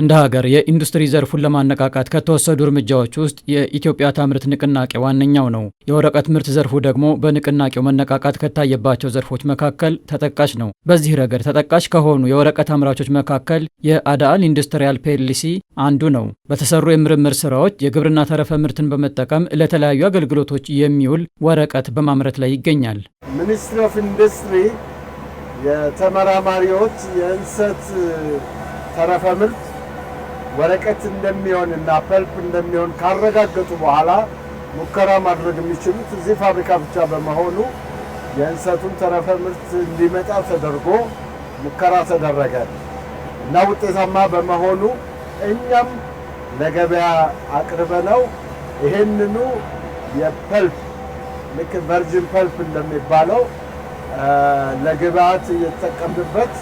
እንደ ሀገር የኢንዱስትሪ ዘርፉን ለማነቃቃት ከተወሰዱ እርምጃዎች ውስጥ የኢትዮጵያ ታምርት ንቅናቄ ዋነኛው ነው። የወረቀት ምርት ዘርፉ ደግሞ በንቅናቄው መነቃቃት ከታየባቸው ዘርፎች መካከል ተጠቃሽ ነው። በዚህ ረገድ ተጠቃሽ ከሆኑ የወረቀት አምራቾች መካከል የአዳአል ኢንዱስትሪያል ፔሊሲ አንዱ ነው። በተሰሩ የምርምር ስራዎች የግብርና ተረፈ ምርትን በመጠቀም ለተለያዩ አገልግሎቶች የሚውል ወረቀት በማምረት ላይ ይገኛል። ሚኒስትሪ ኦፍ ኢንዱስትሪ የተመራማሪዎች የእንሰት ተረፈ ምርት ወረቀት እንደሚሆን እና ፐልፕ እንደሚሆን ካረጋገጡ በኋላ ሙከራ ማድረግ የሚችሉት እዚህ ፋብሪካ ብቻ በመሆኑ የእንሰቱን ተረፈ ምርት እንዲመጣ ተደርጎ ሙከራ ተደረገ እና ውጤታማ በመሆኑ እኛም ለገበያ አቅርበነው ይህንኑ የፐልፕ ልክ ቨርጅን ፐልፕ እንደሚባለው ለግብአት እየተጠቀምንበት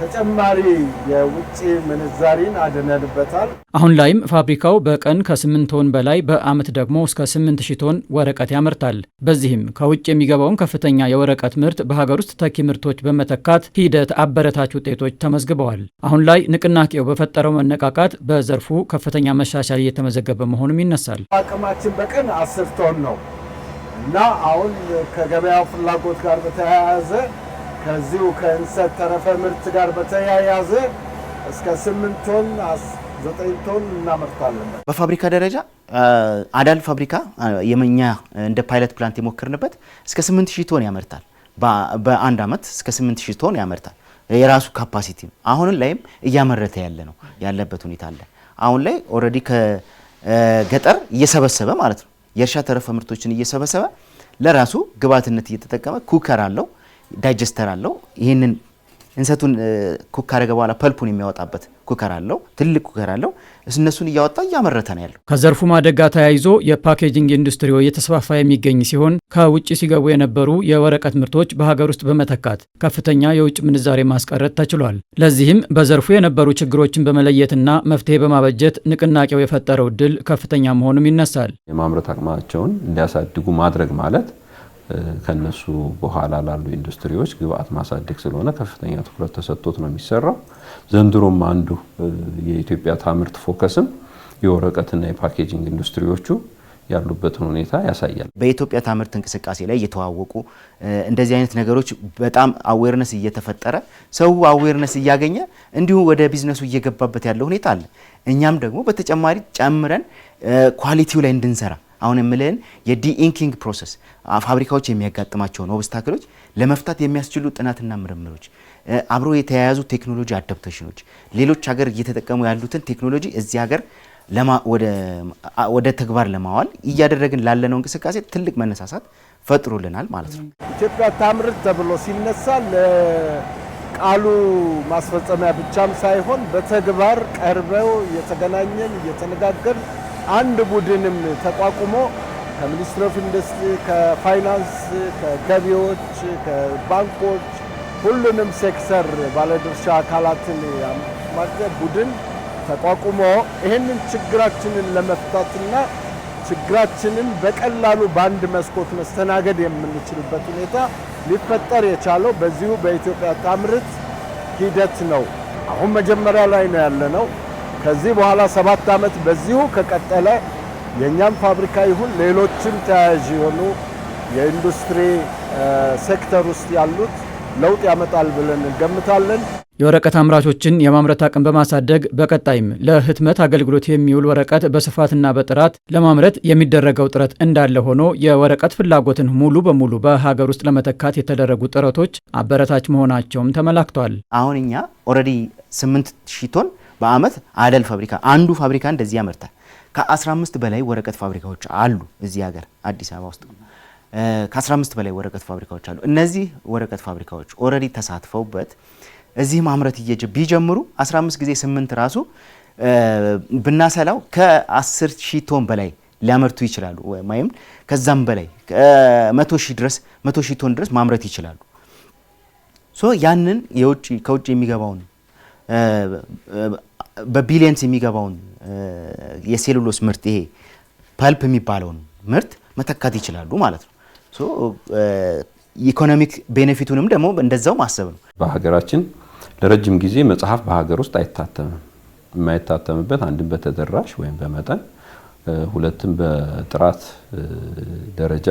ተጨማሪ የውጭ ምንዛሪን አድነንበታል። አሁን ላይም ፋብሪካው በቀን ከ8 ቶን በላይ በአመት ደግሞ እስከ 8 ሺህ ቶን ወረቀት ያመርታል። በዚህም ከውጭ የሚገባውን ከፍተኛ የወረቀት ምርት በሀገር ውስጥ ተኪ ምርቶች በመተካት ሂደት አበረታች ውጤቶች ተመዝግበዋል። አሁን ላይ ንቅናቄው በፈጠረው መነቃቃት በዘርፉ ከፍተኛ መሻሻል እየተመዘገበ መሆኑም ይነሳል። አቅማችን በቀን 10 ቶን ነው እና አሁን ከገበያው ፍላጎት ጋር በተያያዘ ከዚሁ ከእንሰት ተረፈ ምርት ጋር በተያያዘ እስከ 8 ቶን ዘጠኝ ቶን እናመርታለን። በፋብሪካ ደረጃ አዳል ፋብሪካ የመኛ እንደ ፓይለት ፕላንት የሞከርንበት እስከ ሺህ ቶን ያመርታል። በአንድ አመት እስከ ሺህ ቶን ያመርታል። የራሱ ካፓሲቲ ነው። አሁን ላይም እያመረተ ያለ ነው ያለበት ሁኔታ አለ። አሁን ላይ ኦልሬዲ ከገጠር እየሰበሰበ ማለት ነው የእርሻ ተረፈ ምርቶችን እየሰበሰበ ለራሱ ግብዓትነት እየተጠቀመ ኩከር አለው ዳይጀስተር አለው። ይህንን እንሰቱን ኩክ ካደረገ በኋላ ፐልፑን የሚያወጣበት ኩከር አለው። ትልቅ ኩከር አለው። እነሱን እያወጣ እያመረተ ነው ያለው። ከዘርፉ ማደጋ ተያይዞ የፓኬጂንግ ኢንዱስትሪው እየተስፋፋ የሚገኝ ሲሆን ከውጭ ሲገቡ የነበሩ የወረቀት ምርቶች በሀገር ውስጥ በመተካት ከፍተኛ የውጭ ምንዛሬ ማስቀረት ተችሏል። ለዚህም በዘርፉ የነበሩ ችግሮችን በመለየትና መፍትሄ በማበጀት ንቅናቄው የፈጠረው እድል ከፍተኛ መሆኑም ይነሳል። የማምረት አቅማቸውን እንዲያሳድጉ ማድረግ ማለት ከነሱ በኋላ ላሉ ኢንዱስትሪዎች ግብአት ማሳደግ ስለሆነ ከፍተኛ ትኩረት ተሰጥቶት ነው የሚሰራው። ዘንድሮም አንዱ የኢትዮጵያ ታምርት ፎከስም የወረቀትና የፓኬጂንግ ኢንዱስትሪዎቹ ያሉበትን ሁኔታ ያሳያል። በኢትዮጵያ ታምርት እንቅስቃሴ ላይ እየተዋወቁ እንደዚህ አይነት ነገሮች በጣም አዌርነስ እየተፈጠረ ሰው አዌርነስ እያገኘ እንዲሁ ወደ ቢዝነሱ እየገባበት ያለው ሁኔታ አለ። እኛም ደግሞ በተጨማሪ ጨምረን ኳሊቲው ላይ እንድንሰራ አሁን የምልህን የዲኢንኪንግ ፕሮሰስ ፋብሪካዎች የሚያጋጥማቸውን ኦብስታክሎች ለመፍታት የሚያስችሉ ጥናትና ምርምሮች፣ አብሮ የተያያዙ ቴክኖሎጂ አዳፕቴሽኖች፣ ሌሎች ሀገር እየተጠቀሙ ያሉትን ቴክኖሎጂ እዚህ ሀገር ወደ ተግባር ለማዋል እያደረግን ላለነው እንቅስቃሴ ትልቅ መነሳሳት ፈጥሮልናል ማለት ነው። ኢትዮጵያ ታምርት ተብሎ ሲነሳ ለቃሉ ማስፈጸሚያ ብቻም ሳይሆን በተግባር ቀርበው እየተገናኘን እየተነጋገርን አንድ ቡድንም ተቋቁሞ ከሚኒስትር ኦፍ ኢንዱስትሪ፣ ከፋይናንስ፣ ከገቢዎች፣ ከባንኮች ሁሉንም ሴክተር ባለድርሻ አካላትን ያማከለ ቡድን ተቋቁሞ ይህንን ችግራችንን ለመፍታትና ችግራችንን በቀላሉ በአንድ መስኮት መስተናገድ የምንችልበት ሁኔታ ሊፈጠር የቻለው በዚሁ በኢትዮጵያ ታምርት ሂደት ነው። አሁን መጀመሪያ ላይ ነው ያለነው። ከዚህ በኋላ ሰባት ዓመት በዚሁ ከቀጠለ የእኛም ፋብሪካ ይሁን ሌሎችም ተያያዥ የሆኑ የኢንዱስትሪ ሴክተር ውስጥ ያሉት ለውጥ ያመጣል ብለን እንገምታለን። የወረቀት አምራቾችን የማምረት አቅም በማሳደግ በቀጣይም ለህትመት አገልግሎት የሚውል ወረቀት በስፋትና በጥራት ለማምረት የሚደረገው ጥረት እንዳለ ሆኖ የወረቀት ፍላጎትን ሙሉ በሙሉ በሀገር ውስጥ ለመተካት የተደረጉ ጥረቶች አበረታች መሆናቸውም ተመላክቷል። አሁን እኛ ኦልሬዲ ስምንት ሺህ ቶን በአመት አደል ፋብሪካ አንዱ ፋብሪካ እንደዚህ ያመርታል። ከ15 በላይ ወረቀት ፋብሪካዎች አሉ እዚህ ሀገር አዲስ አበባ ውስጥ ከ15 በላይ ወረቀት ፋብሪካዎች አሉ። እነዚህ ወረቀት ፋብሪካዎች ኦልሬዲ ተሳትፈውበት እዚህ ማምረት እየጀ ቢጀምሩ 15 ጊዜ 8 ራሱ ብናሰላው ከ10 ሺህ ቶን በላይ ሊያመርቱ ይችላሉ። ወይም ከዛም በላይ መቶ ሺህ ድረስ መቶ ሺህ ቶን ድረስ ማምረት ይችላሉ። ሶ ያንን የውጭ ከውጭ የሚገባውን በቢሊየንስ የሚገባውን የሴሉሎስ ምርት ይሄ ፐልፕ የሚባለውን ምርት መተካት ይችላሉ ማለት ነው። ኢኮኖሚክ ቤኔፊቱንም ደግሞ እንደዛው ማሰብ ነው። በሀገራችን ለረጅም ጊዜ መጽሐፍ በሀገር ውስጥ አይታተምም። የማይታተምበት አንድም በተደራሽ ወይም በመጠን ሁለትም በጥራት ደረጃ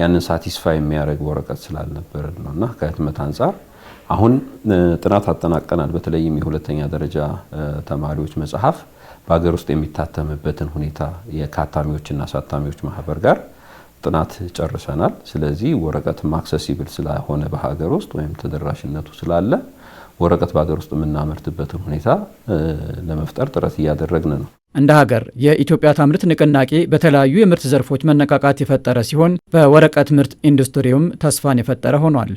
ያንን ሳቲስፋይ የሚያደርግ ወረቀት ስላልነበረ ነው እና ከህትመት አንጻር አሁን ጥናት አጠናቀናል። በተለይም የሁለተኛ ደረጃ ተማሪዎች መጽሐፍ በሀገር ውስጥ የሚታተምበትን ሁኔታ የካታሚዎችና አሳታሚዎች ማህበር ጋር ጥናት ጨርሰናል። ስለዚህ ወረቀት አክሰሲብል ስለሆነ በሀገር ውስጥ ወይም ተደራሽነቱ ስላለ ወረቀት በሀገር ውስጥ የምናመርትበትን ሁኔታ ለመፍጠር ጥረት እያደረግን ነው። እንደ ሀገር የኢትዮጵያ ታምርት ንቅናቄ በተለያዩ የምርት ዘርፎች መነቃቃት የፈጠረ ሲሆን በወረቀት ምርት ኢንዱስትሪውም ተስፋን የፈጠረ ሆኗል።